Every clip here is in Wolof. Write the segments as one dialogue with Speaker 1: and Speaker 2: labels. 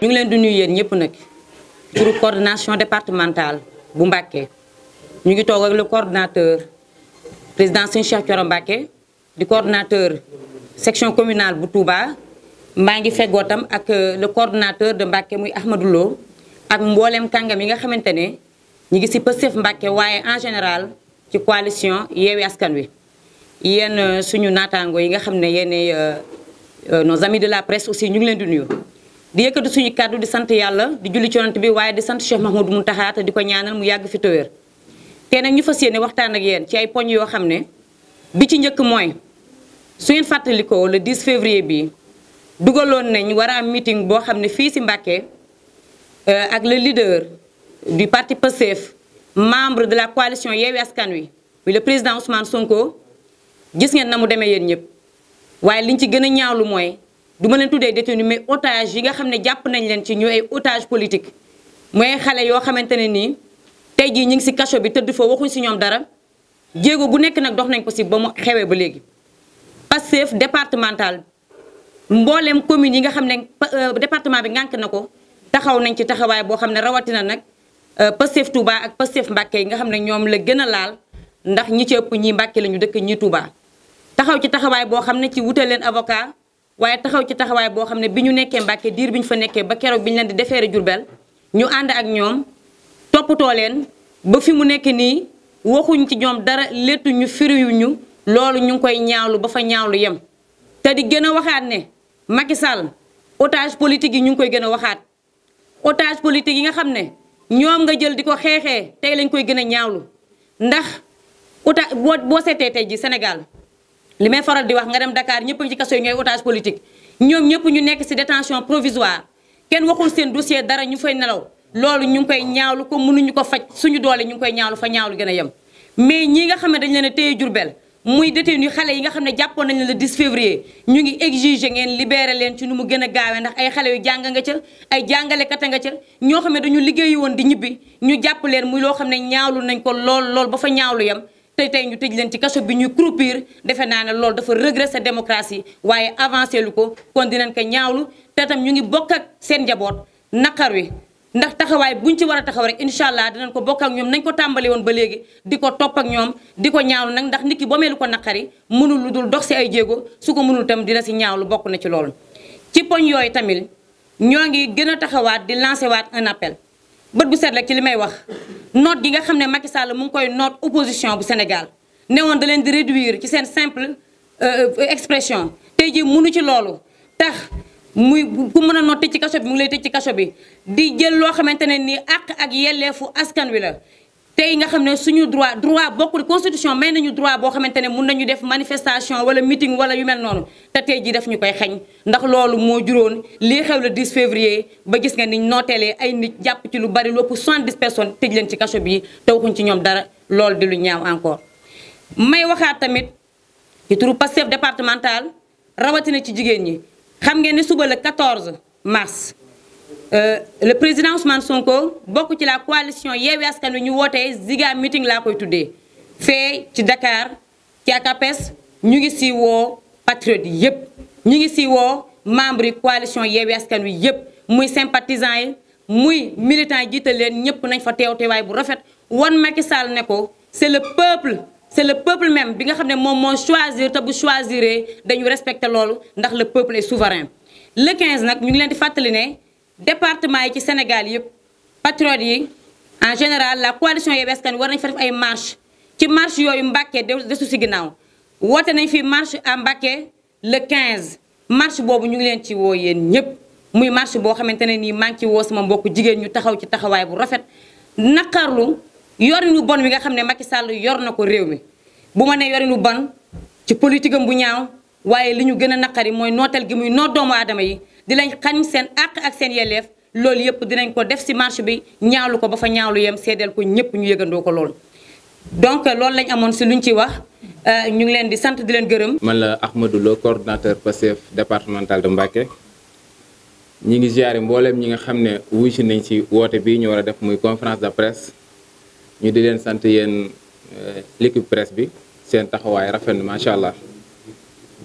Speaker 1: ñu ngi leen di nuyu yéen ñëpp nag pour coordination départementale bu Mbacké ñu ngi toog ak le coordonnateur président Serigne Cheikh Thioro Mbacké di coordonnateur section communale bu Touba maa ngi feggoo tam ak euh, le coordonnateur de Mbacké muy Ahmadou Lo ak mbooleem kàngam yi nga xamante ne ñu ngi si Pastef Mbacké waaye en général ci coalition Yewwi Askan Wi yéen euh, suñu naataango yi nga xam ne yéen euh, nos amis de la presse aussi ñu ngi leen di nuyu di yëkkati suñu kàddu di sant yàlla di julli ci yonent bi waaye di sant Cheikh Mahmoud Mountakha te di ko ñaanal mu yàgg fi tëwér tey nag ñu fas yéene waxtaan ak yéen ci ay poñ yoo xam ne bi ci njëkk mooy su ngeen fàttalikoo le 10 février bi dugaloon nañ war a am meeting boo xam ne fii si Mbàkke euh, ak le leader di parti PASTEF membre de la coalition Yewwi Askan Wi bi le président Ousmane Sonko gis ngeen na mu demee yéen ñëpp waaye liñ ci gën a ñaawlu mooy du ma leen tuddee détenu mais otage yi nga xam ne jàpp nañ leen ci ñu ay otage politique mooy xale yoo xamante ne nii tey jii ñu ngi si kaso bi tëdd fa waxuñ si ñoom dara jéego bu nekk nag dox nañ ko si ba mu xewe ba léegi. Pastef départemental mboolem commune yi nga xam ne euh, département bi ngànk na ko taxaw nañ ci taxawaay boo xam ne rawatina nag euh, Pastef tubaa ak Pastef Mbacké yi nga xam ne ñoom la gën a laal ndax ñi ci ëpp ñii Mbacké la ñu dëkk ñi Touba waaye taxaw ci taxawaay boo xam ne bi ñu nekkee Mbàkke diir bi ñu fa nekkee ba keroog bi ñu leen di defeere Jurbel ñu ànd ak ñoom toppatoo leen ba fi mu nekk nii waxuñ ci ñoom dara léttu léttuñu firiwuñu loolu ñu ngi koy ñaawlu ba fa ñaawlu yem te di gën a waxaat ne Macky Sall otage politique yi ñu ngi koy gën a waxaat otage politique yi nga xam ne ñoom nga jël di ko xeexee tey lañ koy gën a ñaawlu ndax ota boo boo seetee tey ji Sénégal li may faral di wax nga dem dakaar ñëpp ngi ci kaso yi ñooy otage politique ñoom ñëpp ñu nekk ci détention provisoire kenn waxul seen dossier dara ñu fay nelaw loolu ñu ngi koy ñaawlu ko mënuñu ko faj suñu doole ñu ngi koy ñaawlu fa ñaawlu gën a mais ñi nga xam ne dañ leen a téye Jurbel muy détenu xale yi nga xam ne jàppoon nañ leen le 10 février ñu ngi exiger ngeen libeere leen ci nu mu gën a gaawee ndax ay xale yu jànga nga ca ay jàngalekat a nga ca ñoo xam ne dañu liggéeyi woon di ñibbi ñu jàpp leen muy loo xam ne ñaawlu nañ ko lool lool ba fa ñaawlu yem tey tey ñu tëj leen ci kaso bi ñuy croupir defe naa ne loolu dafa régresser démocratie waaye avancé lu ko kon dinañ ko ñaawlu te tam ñu ngi bokk ak seen njaboot naqar wi ndax taxawaay buñ ci war a taxaw rek incha allah dinañ ko bokk ak ñoom nañ ko tàmbali woon ba léegi di ko topp ak ñoom di ko ñaawlu nag ndax nit ki boo meelu ko naqari mënul lu dul dox si ay jéego su ko mënul tam dina si ñaawlu bokk na ci loolu. ci poñ yooyu tamit ñoo ngi gën a taxawaat di lancer waat un bët bu set rek ki li may wax noot gi nga xam ne Macky Sall mu ngi koy noot opposition bu Sénégal newoon da leen di réduire ci seen simple euh, expression tey jii munu ci loolu tax muy ku mën a noot tëj ci kaso bi mu ngi lay tëj ci kaso bi di jël loo xamante ne nii àq ak yelleefu askan wi la tey nga xam ne suñu droit droit bokkul constitution may nañu droit boo xamante ne mun nañu def manifestation wala meeting wala yu mel noonu te tey jii daf ñu koy xañ ndax loolu moo juróon lii xew le 10 février ba gis nga ni nooteelee ay nit jàpp ci lu bari lu ëpp 70 personnes tëj leen ci kaso bi te waxuñ ci ñoom dara loolu di lu ñaaw encore may waxaat tamit ci turu Pastef départemental rawatina ci jigéen ñi xam ngeen ne suba le 14 mars Euh, le président Ousmane Sonko bokk ci la coalition Yewwi Askan Wi ñu wootee Ziga meeting laa koy tuddee fee ci Dakar ci ACAPES ñu ngi si woo patriotes yi yëpp ñu ngi si woo membre yi coalition Yewwi Askan Wi yëpp muy sympathisants yi muy militants yi jiital leen ñëpp nañ fa teew teewaay bu rafet wan Macky Sall ne ko c'est le peuple c'est le peuple même bi nga xam ne moom moo choisir te bu choisiree dañu respecter loolu ndax le peuple est souverain le 15 nag ñu ngi leen di fàttali ne. département yi ci Sénégal yëpp patriotes yi en général la coalition Yewwi Askan Wi war nañ fa def ay marche ci marche yooyu Mbacké desu si ginnaaw woote nañ fi marche à Mbacké le quinze marche boobu ñu ngi leen ci woo yéen ñëpp muy marche boo xamante ne nii maa ngi ci woo sama mbokku jigéen ñu taxaw ci taxawaay bu rafet naqarlu yorinu bon wi nga xam ne Macky Sall yor na ko réew mi bu ma nee yorinu bon ci politique bu ñaaw waaye li ñu gën a naqari mooy nooteel gi muy doomu aadama yi dinañ lañ seen àq ak seen yelleef loolu yëpp dinañ ko def si marche bi ñaalu ko ba fa ñaalu yem seedeel ko ñëpp ñu yëgandoo ko lool donc loolu lañ amoon si luñ ci wax euh, ñu ngi leen di sant di leen gërëm.
Speaker 2: man la Ahmadou Lo coordonnateur Pastef départemental de Mbacké ñi ngi ziare mbooleem ñi nga xam ne wuy si nañ si woote bii ñu war a def muy confrance de presse ñu di leen sant yéen euh, l'équipe presse bi seen taxawaay rafet na macha allah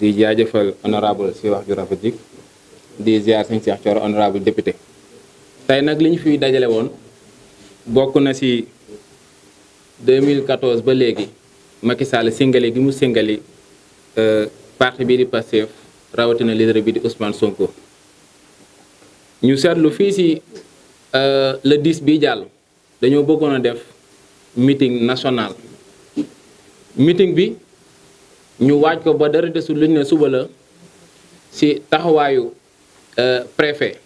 Speaker 2: di jaajëfal honorable si wax ju rafet di ziar sëñ Cheikh Thioro honorable député tey nag li ñu fiy dajale woon bokk na ci 2014 ba léegi Macky Sall singali gi mu singali euh, parti bi di Pastef rawatina leader bi di Ousmane Sonko ñu seetlu fii ci euh, le 10 bi jàll dañoo bëggoon a def meeting national meeting bi ñu waaj ko ba dara desul luñ ne suba la ci taxawaayu Euh, préfet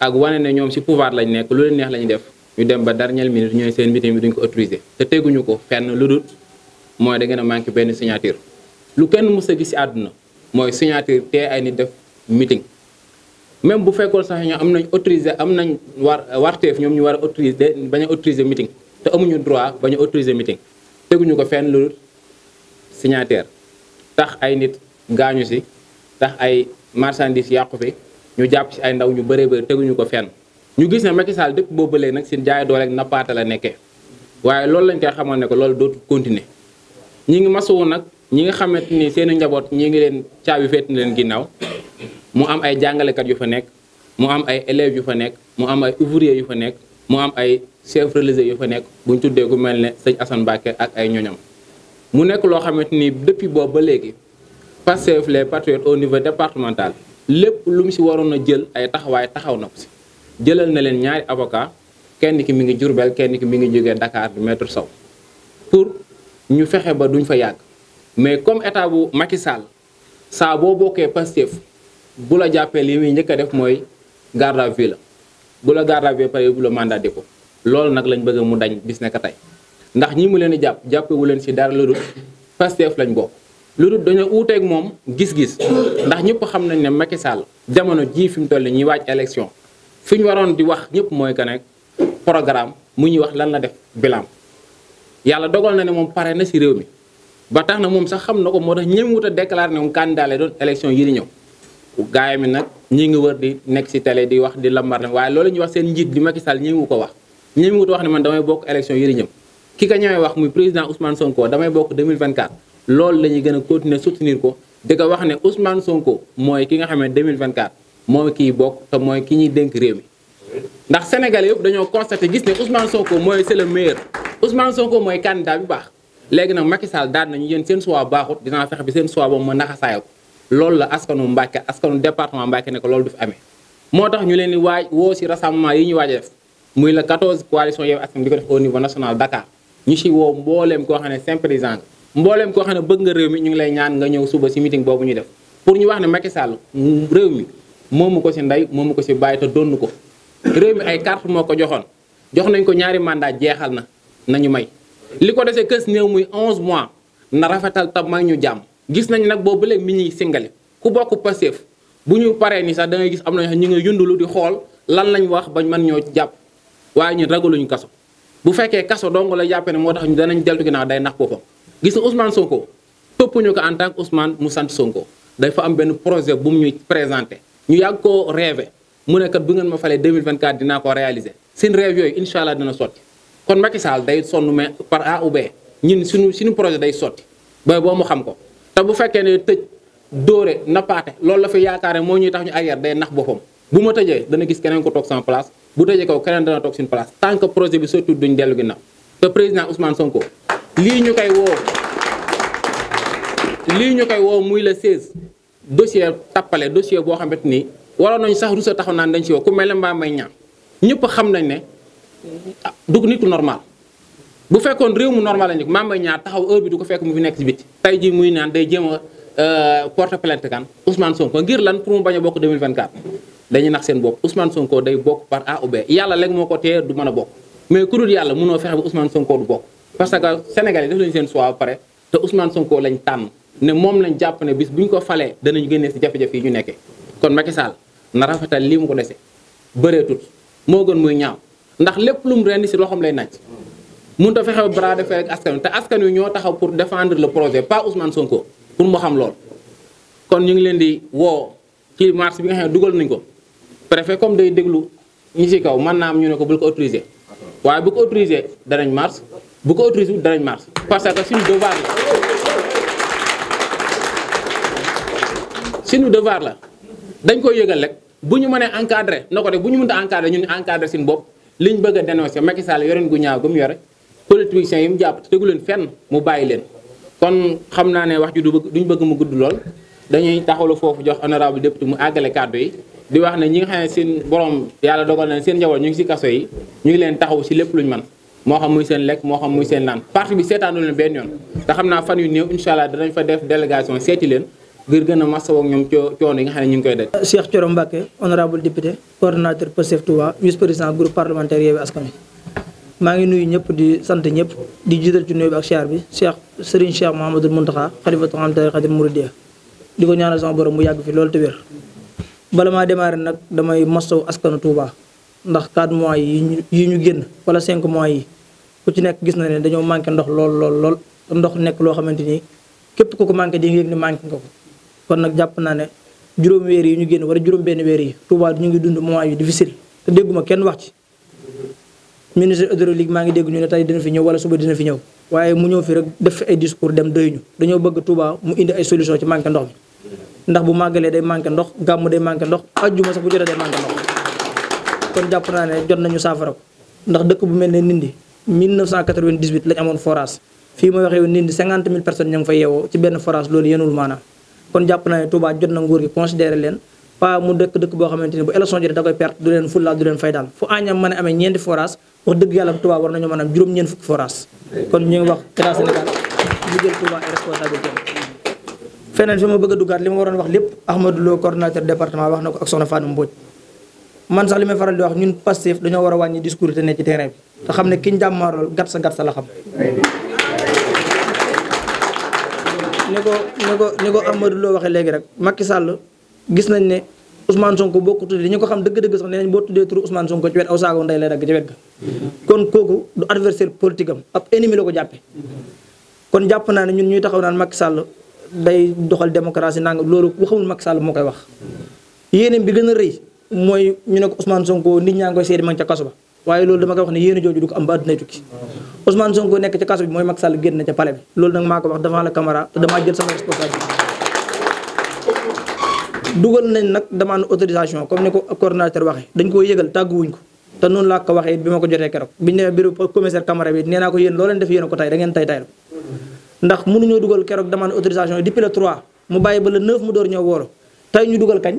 Speaker 2: ak wane ne ñoom ci pouvoir lañ nekk lu leen neex lañu def ñu dem ba dernière minute ñooy seen meeting bi duñ ko autorisé te teguñu ko fenn lu dul mooy da ngeen manqué benn signature. lu kenn mës a gis ci àdduna mooy signature ay nit def meeting même bu fekkoon sax am nañ autorisé am nañ war warteef ñoom ñu war a autorisé bañ a autorisé te amuñu droit bañ a autorisé teguñu ko fenn lu dul tax ay nit gaañu si tax ay marchandises yàqu fi. ñu jàpp ci ay ndaw ñu bëree bëri teguñu ko fenn ñu gis ne Macky Sall dëpp boobu léegi nag seen jaay dooleeg nappaate la nekkee waaye loolu lañ koy xamal ne ko loolu dootul continuer ñi ngi masawu nag ñi nga xamante ni seen njaboot ñi ngi leen caabi féet na leen ginnaaw mu am ay jàngalekat yu fa nekk mu am ay élèves yu fa nekk mu am ay ouvrier yu fa nekk mu am ay chef religieux yu fa nekk buñ tuddee ku mel ne sëñ Assane Mbacké ak ay ñoñam mu nekk loo xamante ni depuis boobu ba léegi Pastef les patriotes au niveau départemental lépp lu mu si waroon a jël ay taxawaay taxaw na ko si jëlal na leen ñaari avocat kenn ki mi ngi Jurbel kenn ki mi ngi jógee Dakar di maître saw pour ñu fexe ba duñ fa yàgg mais comme état bu Macky Sall saa boo bokkee Pastef bu la jàppee li muy njëkk a def mooy garde à la bu la garde à vue pare bu la mandat de dépôt loolu nag lañ bëgga mu dañ bis nekk tey ndax ñi mu leen di jàpp jàppewu leen si dara lu dul Pastef lañ bokk. lu dul dañoo uuteek moom gis-gis ndax ñëpp xam nañ ne Macky jamono jii fi mu toll ñuy waaj élection fi ñu waroon di wax ñëpp mooy que ne programme mu ñuy wax lan la def bilan yàlla dogal na ne moom pare na si réew mi ba tax na moom sax xam na ko moo tax ñëwut a déclaré ne moom candidat doon élection yi di ñëw gaay mi nag ñi ngi wër di nekk si télé di wax di lambar ne waaye loolu ñuy wax seen njiit di Macky Sall ñëwu ko wax ñëwu ko wax loolu la ñuy gën a continuer soutenir ko di ko wax ne Ousmane Sonko mooy ki nga xam ne 2024 mooy kiy bokk te mooy ki ñuy dénk réew mi. ndax Sénégalais yëpp dañoo constaté gis ne Ousmane Sonko mooy c'est le meilleur Ousmane Sonko mooy candidat bi baax léegi nag Macky Sall daan nañu yéen seen choix baaxut dinaa fexe bi seen choix boobu ma naxasaayal ko loolu la askanu Mbàkke askanu département Mbàkke ne ko loolu du fi amee. moo tax ñu leen di waaj woo si rassemblement yi ñu waaj def muy la 14 coalition Yewwi Askan Wi di ko def au niveau national koo xam ne sympathisant mbooleem koo xam ne bëgg nga réew mi ñu ngi lay ñaan nga ñëw suba si mitin boobu ñu def pour ñu wax ne Macky Sall réew mi moomu ko si ndey moomu ko si bàyyi te donn ko réew mi ay carte moo ko joxoon jox nañ ko ñaari mandat jeexal na nañu may li ko desee kës néew muy 11 mois na rafetal tam may ñu jàmm gis nañ nag boobu léegi mi ñuy singale ku bokk Pastef bu ñu paree ni sax da ngay gis am na ñu ngi yundulu di xool lan lañ wax bañ mën ñoo jàpp waaye ñun ragaluñu kaso bu fekkee kaso dong la jàppe ne moo tax ñu danañ deltu ginnaaw day nax boppam gis na Ousmane Sonko topp ñu ko en tant que mu sant Sonko dafa am benn projet bu mu ñuy présenté ñu yàgg koo rêvé mu ne kat bu ngeen ma falee 2024 dinaa ko réaliser seen rêve yooyu incha allah dina sotti kon Macky Sall day sonn mais par A ou B ñun suñu projet day sotti ba boo mu xam ko te bu fekkee ne tëj dóore nappaate loolu la fi yaakaar ne moo ñuy tax ñu arrière day nax boppam bu ma tëjee dana gis keneen ko toog sama place bu tëjee kaw keneen dana toog tant que projet bi surtout duñ dellu ginnaaw te président Ousmane Sonko. lii ñu koy woo lii ñu koy woo muy le 16 dossier tappale dossier boo xamante ni waroon nañu sax rusa taxaw naan dañ si woo ku mel ne mbaa may ñaan ñëpp xam nañ ne du nitu normal bu fekkoon réew mu normal la ñu mbaa may ñaan taxaw heure bi du ko fekk mu fi nekk si biti. tey jii muy naan day jéem a euh, porte plainte kan Ousmane Sonko ngir lan pour mu bañ a bokk 2024 dañuy nax seen bopp Ousmane Sonko day bokk par A ou yàlla léegi moo ko téye a bokk mais ku yàlla mënoo fexe ba Sonko du bokk. parce que sénégal Sénégalais def lañu seen choix ba pare te Ousmane Sonko lañ tànn ne moom lañ jàpp ne bis bu ñu ko falee danañ génnee si jafe-jafe yi ñu nekkee kon Macky Sall na rafetal lii mu ko dese bëreetut moo gën muy ñaaw ndax lépp lu mu rendi si loxoom lay naaj. mënut a fexe ba bras de fer ak askan wi te askan wi ñoo taxaw pour defendre le projet pas Ousmane Sonko pour mu xam lool. kon ñu ngi leen di woo ci marche bi nga xam ne dugal nañ ko préfet comme day déglu ñi si kaw mën naa am ñu ne ko bul ko autorisé waaye bu danañ marche. bu ko autorisé wut danañ marche parce que suñu devoir la suñu devoir la dañ koy yëgal rek bu ñu mënee encadré na ko bu ñu mënta ñu ñun encadré suñu bopp liñ bëgg a dénoncé Macky Sall gu ñaaw gu mu yore politiciens yi mu jàpp te tegu leen fenn mu bàyyi leen kon xam naa ne wax ji du bëgg duñ bëgg mu gudd lool dañuy la foofu jox honorable député mu àggale kàddu yi di wax ne ñi nga xam ne seen borom yàlla dogal na seen njaboot ñu ngi si kaso yi ñu ngi leen taxaw si lépp luñ mën moo xam muy seen lekk moo xam muy seen naan parti bi seetaanu leen benn yoon te xam naa fan yu néew incha allah danañ fa def délégation seeti leen ngir gën a masawoo ak ñoom coono yi nga xam ne ñu ngi koy def.
Speaker 3: Cheikh Thioro Mbacké honorable député coordonnateur Pastef Touba vice président groupe parlementaire Yewwi Askan maa ngi nuyu ñëpp di sant ñëpp di jiital ci nuyu bi ak siyaar bi Cheikh Serigne Cheikh Mouhamadou Mountakha xalifatu am tarixatil muridiyya di ko ñaanal sama borom mu yàgg fi loolu te wér bala maa nag damay masaw askanu Touba ndax 4 mois yi ñu ñu génn wala 5 mois yi ku ci nekk gis na ne dañoo manqué ndox lool lool lool ndox nekk loo xamante ni képp ku ko manqué di nga yëg ni manqué nga ko kon nag jàpp naa ne juróom weer yi ñu génn wala juróom benn weer yi Touba ñu ngi dund moment yu difficile te dégguma kenn wax ci ministre hydraulique maa ngi dégg ñu ne tey dina fi ñëw wala suba dina fi ñëw waaye mu ñëw fi rek def fi ay discours dem doyuñu dañoo bëgg Touba mu ay solution ci manqué ndox mi ndax bu màggalee day manqué ndox gàmm day manqué ndox ajjuma sax bu jotee day manqué ndox jàpp naa ne jot nañu saafara ko ndax dëkk bu mel ne nindi 1998 lañ amoon forage fii ma waxee nit ñi 50 000 personnes ña ngi fay yeewoo ci benn forage loolu yenul maanaam kon jàpp naa ne jot na nguur gi considéré leen pas mu dëkk dëkk boo xamante ni bu élection jotee da koy perte du leen fulla du leen fay daal fu añam a amee ñeenti forage wax dëgg yàlla Touba war a am juróom-ñeent fukki forage kon ñu ngi wax État Sénégal ñu jël Touba ay responsabilité feneen fi ma bëgg a duggaat li ma waroon wax lépp Ahmadou Lo coordonnateur département wax na ko ak soxna Fatou Mbodj man sax li may faral di wax ñun Pastef dañoo war a wàññi discours te ne ci terrain bi te xam ne kiñ jàmmaarool gat sa gat sa la xam ni ko ni ko ni ko Amadou waxee léegi rek makki sàll gis nañ ne Ousmane Sonko boo ko tuddee ñi ko xam dëgg-dëgg sax nee nañ boo tuddee turu Ousmane Sonko ci wet aw saagoo nday lay dagg ci wet ga kon kooku du adversaire politique am ab ennemi la ko jàppe kon jàpp naa ne ñun ñuy taxaw naan Macky Sall day doxal démocratie nanga loolu ku xamul Macky Sall moo koy wax yéeneen bi gën a mooy ñu ne ko Ousmane Sonko nit ñaa ngi koy seede ma ca kaso ba waaye loolu dama koy wax ne yéen a jooju du ko am ba àdduna tukki Ousmane Sonko nekk ca kaso bi mooy Macky Sall génn na ca palais bi loolu nag maa ko wax devant la caméra te damaa jël sama comme ni ko coordonnateur waxee dañ ko yëgal tàgguwuñ ko te noonu laa ko waxee bi ma ko jotee keroog biñu demee bureau commissaire Camara bi nee naa ko yéen loo def yéen ko tay da ngeen tay tay ndax mënuñoo dugal keroog demande autorisation depuis le 3 mu bàyyi ba le 9 mu door ñu dugal kañ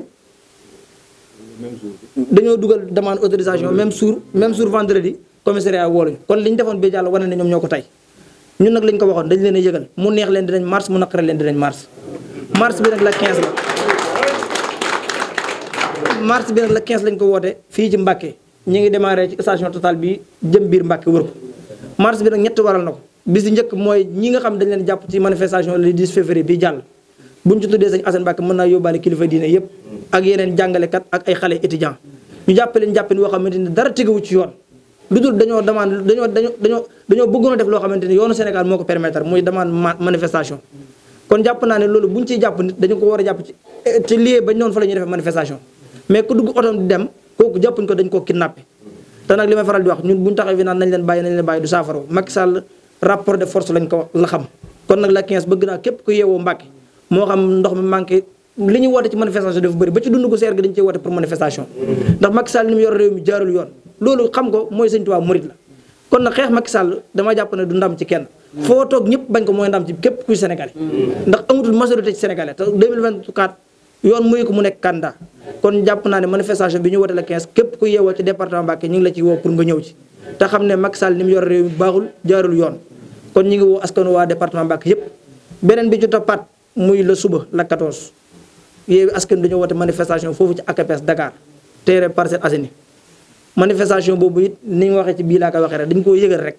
Speaker 3: dañoo dugal demande autorisation même jour même jour vendredi commissariat wooluñu kon li ñu defoon bi jàll wane na ñoom ñoo ko tey ñun nag lañ ko waxoon dañ leen a yëgal mu neex leen dinañ mars mu naqare leen dinañ mars mars bi nag la 15 la mars bi nag la lañ ko woote fii ci Mbàkke ñu ngi démarré ci station Total bi jëm biir Mbàkke wër ko mars bi nag ñett waral na ko bis di njëkk mooy ñi nga xam dañ leen jàpp ci manifestation le 10 février bi jàll buñ ci tuddee sëñ Assane Mbàkke mën naa yóbbaale kilifa diine yépp ak yeneen jàngalekat ak ay xale étudiants ñu jàppaleen jàppin woo xamante ni dara wu ci yoon lu dul dañoo demande dañoo dañoo dañoo dañoo bëggoon a def loo xamante ni yoonu Sénégal moo ko muy demande manifestation kon jàpp naa ne loolu bu ñu ciy jàpp nit ko war a jàpp ci ci lieu fa la ñuy defee manifestation mais ku dugg otom dem kooku jàppuñ ko dañ koo kidnappé te nag li may faral di wax ñun buñu taxaw naan nañ leen bàyyi nañ leen du saafaro Macky Sall rapport de force lañ ko la xam kon nag la 15 bëgg naa képp ku yeewoo Mbàkke moo xam ndox mi manqué li ñuy woote ci manifestation dafa bëri ba ci dund gu seer gi dañu cee woote pour manifestation ndax Macky Sall ni réew mi jaarul yoon loolu xam ko mooy Sëñ kon nag xeex Macky Sall dama jàpp ne du ndam ci kenn foo toog ñëpp bañ ko mooy ndam ci képp kuy ndax amutul majorité ci sénégalais te 2024 yoon muy ko kon jàpp naa ne manifestation bi ñu woote la 15 képp ku yeewoo ci département Mbacké ñu ngi la ci woo pour nga ñëw ne Macky Sall mu yor réew mi baaxul yoon kon ñu ngi woo askanu waa département Mbacké yëpp beneen bi ci toppaat muy le suba la 14 Yewwi Askan dañoo woote manifestation foofu ci ACAPES Dakar terrain Parcelles Assainies manifestation boobu it ni ñu waxee ci bii laa ko waxee rek dañ koo yëgal rek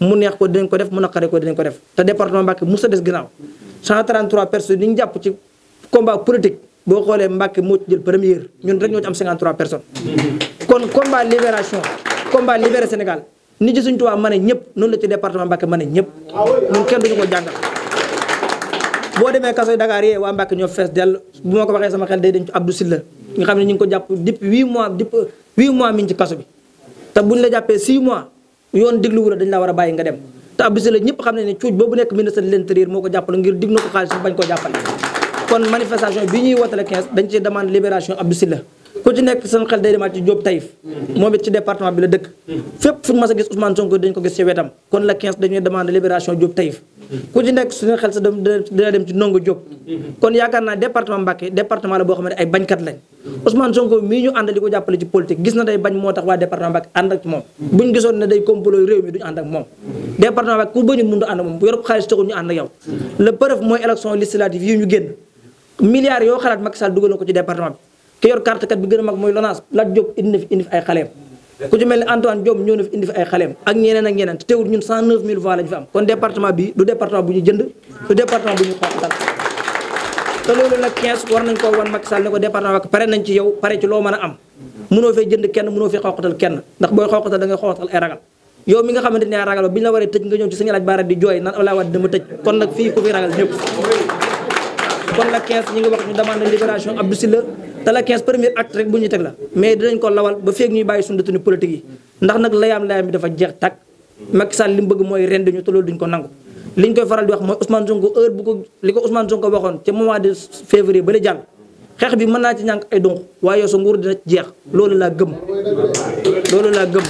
Speaker 3: mu neex ko def mu naqare ko ko def te département Mbacké musa des ginnaaw 133 personnes yi ñu jàpp ci combat politique boo xoolee Mbacké moo jël première ñun rek ñoo ci am 53 personnes kon combat libération combat libéré Sénégal ni ci suñ tubaab mën a ñëpp noonu la ci département a ñëpp ñun kenn duñu bu ma ko waxee sama xel day dem ci Abdou Sylla nga xam ne ñu ngi ko jàpp depuis 8 mois depuis 8 mois mi ci kaso bi te buñ la jàppee 6 mois yoon digluwu la dañ la war a bàyyi nga dem te Abdou Sylla ñëpp xam ne ne cuuj boobu nekk ministre de l'intérieur moo ko jàppale ngir diglu ko xaalis bañ koo jàppale kon manifestation bi ñuy wootale 15 dañ ci demande libération Abdou Sylla ku ci nekk seen xel day demaat ci Diop Taïf moom it ci département bi la dëkk fépp fu ñu mas a gis Ousmane Sonko dañ ko gis ci wetam kon la 15 dañuy demandé libération Diop Taïf ku ci nekk suñu xel sa dem dina dem ci ndongo Diop kon yaakaar naa département Mbacké département la boo xam ne ay bañkat lañ Ousmane Sonko mii ñu ànd di ko jàppale ci politique gis na day bañ moo tax waa département Mbacké ànd ak moom bu ñu gisoon ne day complot réew mi duñu ànd ak moom département Mbacké ku bañul mëndu ànd ak moom bu yorop xaalis taxul ñu ànd ak yow la preuve mooy élection législative yi ñu génn milliards yoo xalaat Macky Sall dugal na ko ci département bi ki yor carte kat bi gën a mag mooy LONASE Lat Diop indi na fi indi fi ay xaleem ku ci mel ni Antoine Diop ñëw na fi indi fi ay xaleem ak ñu jënd du ñu xooxatal te loolu nag 15 war nañ koo wan Macky Sall ko département wak pare nañ ci yow pare ci loo mën a am mënoo fee jënd kenn mënoo fee xooxatal ndax booy xooxatal da ngay xooxatal ay ragal yow mi nga xamante ne ragal bi ñu la waree tëj nga fi ragal ñëpp kon nag 15 ñi ngi wax ñu demande libération Abdou Sylla te la 15 premier acte rek bu ñu teg la mais dinañ ko lawal ba feeg ñuy bàyyi suñu détenu politique yi ndax nag layaam layaam bi dafa jeex tàkk Macky Sall li mu bëgg mooy ren dañu te loolu duñ ko nangu li ñu koy faral di wax mooy Ousmane Sonko heure bu ko li ko Ousmane ko waxoon ca mois de février ba la jàll xeex bi mën naa ci ñànk ay donc waaye yow sa nguur dina jeex loolu laa gëm loolu laa gëm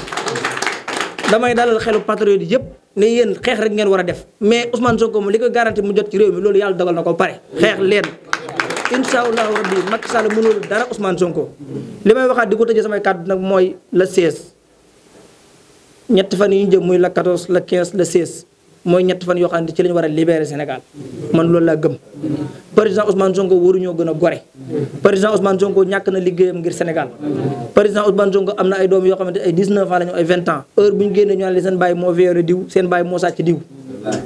Speaker 3: damay dalal xelu patriote yëpp ne yéen xeex rek ngeen war a def mais Ousmane Sonko moom li ko garanti mu jot ci réew mi loolu yàlla dogal na ko pare xeex leen incha allahu rabbi Macky Sall mënul dara Ousmane Sonko li may waxaat di ko tëjee samay kàddu nag mooy le 16 ñetti fan yu ñu jëm muy le 14 le 15 le 16 mooy ñetti fan yoo xam ne ci la ñu war a libérer Sénégal man loolu laa gëm président Ousmane Sonko ñoo gën a gore président Ousmane Sonko ñàkk na liggéeyam ngir Sénégal président Ousmane Sonko am na ay doom yoo xamante ay 19 ans la ñu ay 20 ans heure bu ñu génnee ñu naan leen seen bàyyi moo violé diw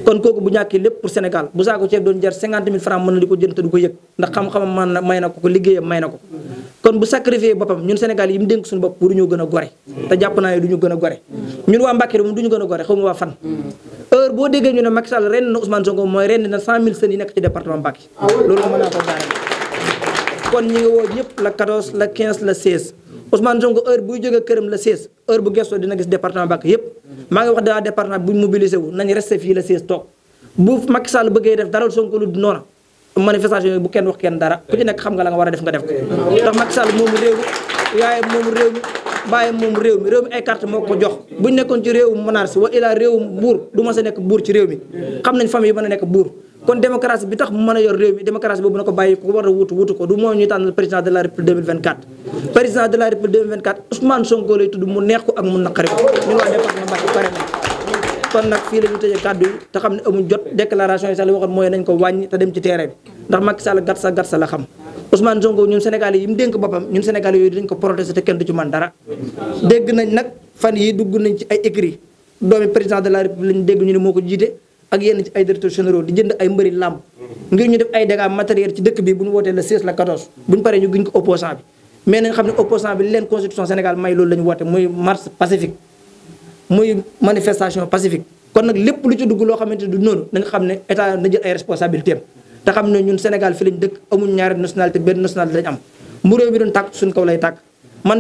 Speaker 3: kon kooku bu ñàkkee lépp pour Sénégal bu saako ceeb doon jar 50 000 francs mën na di ko jënd te du ko yëg ndax xam-xamam may na ko ko liggéeyam may na ko kon bu sacrifié boppam ñun Sénégal yi mu dénk suñu bopp waruñoo gën a gore te jàpp naa ne du ñu gën a gore ñun waa Mbàkke moom du ñu gën a gore xaw ma waa fan heure boo déggee ñu ne Macky Sall ren na Ousmane Sonko mooy ren na 100 000 sën yi nekk ci département Mbàkke ah loolu ñëpp la la 15 la 16 Ousmane Sonko heure buy jógee këram la 16 heure bu gestoo dina gis département Mbacké yëpp maa ngi wax danaa département buñ mobilisé wu nañ resté fii la 16 toog bu Macky Sall bëggee def dara Sonko lu noona manifestation yi bu kenn wax kenn dara ku xam nga la nga war a def nga ko ndax Macky Sall moomu réew mi yaayam moom réew mi réew mi ay carte jox bu ñu nekkoon ci réewum monarchie wa ilaa réewum buur du ma sa nekk buur ci réew mi xam nañ famille yi mën nekk buur kon démocratie bi tax mu mën a yor réew mi démocratie boobu na ko bàyyi ko war a wutu wutu ko du mooy ñuy tànnal président de la république 2024 président de la république 2024 Ousmane Sonko lay tudd mu neex ko ak mu naqari ko ñun te xam ne amuñ jot déclaration yi sax li waxoon mooy ko wàññi te dem ci terrain bi ndax Macky Sall gàtt sa gàtt sa la xam Ousmane Sonko ñun Sénégal yi mu dénk boppam ñun Sénégal yooyu dañ ko protesté te kenn du ci man dara dégg nañ nag fan yi dugg nañ ci ay écrit doomi président de la république lañ dégg ñu ne moo ko jiite ak yenn ci ay directeurs généraux di jënd ay mbëri làmb ngir ñu def ay dégâts matériels ci dëkk bi bu ñu wootee le 16 la 14 bu ñu paree ñu giñ ko opposant bi mais nañ xam ne opposant bi leen constitution Sénégal may loolu la ñu muy marche pacifique muy manifestation pacifique kon nag lépp lu ci dugg loo xamante du noonu na xam ne état na jël ay responsabilité am te xam ne ñun Sénégal fi lañ dëkk amuñ ñaari nationalité benn nationalité lañ am a 6 mois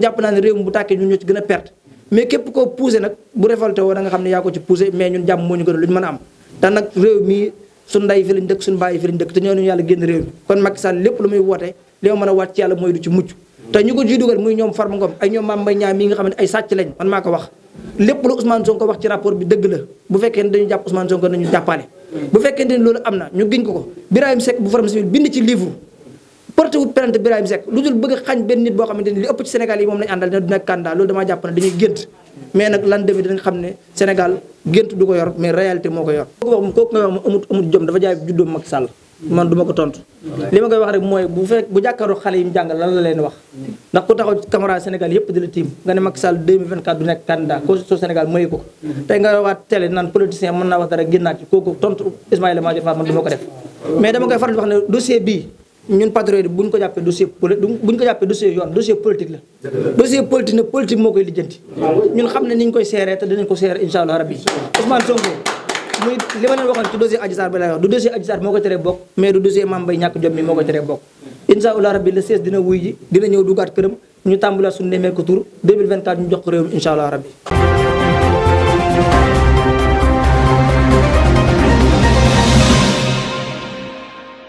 Speaker 3: naa ne réew mi bu tàkkee ñun ñoo ci gën mais képp koo poussé nag bu révolté woo da nga xam ne yaa ko ci poussé mais ñun jàmm moo ñu gën a lu ñu mën a am te nag réew mii suñ ndey fi lañ dëkk suñ bàyyi dëkk te ñoo ñu yàlla génn réew mi kon Macky lépp lu muy woote li ma a wàcc ci yàlla mooy du ci mucc te ñu ko ciy dugal muy ñoom Farba Ngom ay ñoom Mame Mbaye mii nga xam ne ay sàcc lañ man maa ko wax lépp lu Ousmane Sonko wax ci rapport bi dëgg la bu fekkee ne dañu jàpp Ousmane Sonko nañu porte wu plainte Birahim Seck lu dul bëgg a xañ benn nit boo xamante ni li ëpp loolu damaa jàpp ne dañuy gént ko yor mais ma ko tontu li bu bu jàkkaaroo xale yi mu jàngal la la tiim nga ne Macky Sall 2024 du nekk candidat mayu ko tey nga waat télé naan politicien mën naa wax dara génnaat ci kooku tontu Ismaïla Madior Fall man du ko def mais dama koy faral wax ne dossier bii ñun patriote yi bu ñu ko jàppee dossier poli bu ñu ko jàppee dossier yoon dossier politique la. dossier politique nag politique moo koy lijjanti. ñun xam ne ni ñu koy seeree te dinañ ko seere incha allah rabbi Ousmane Sonko muy li ma leen waxoon ci dossier Adji bi lay wax du dossier Adji Sarr moo ko teree bokk. mais du dossier Mame ñàkk jom mi moo ko teree bokk. incha allah rabbi le 16 dina wuy dina ñëw dugaat këram ñu tàmbulaat suñu nemmeeku tur 2024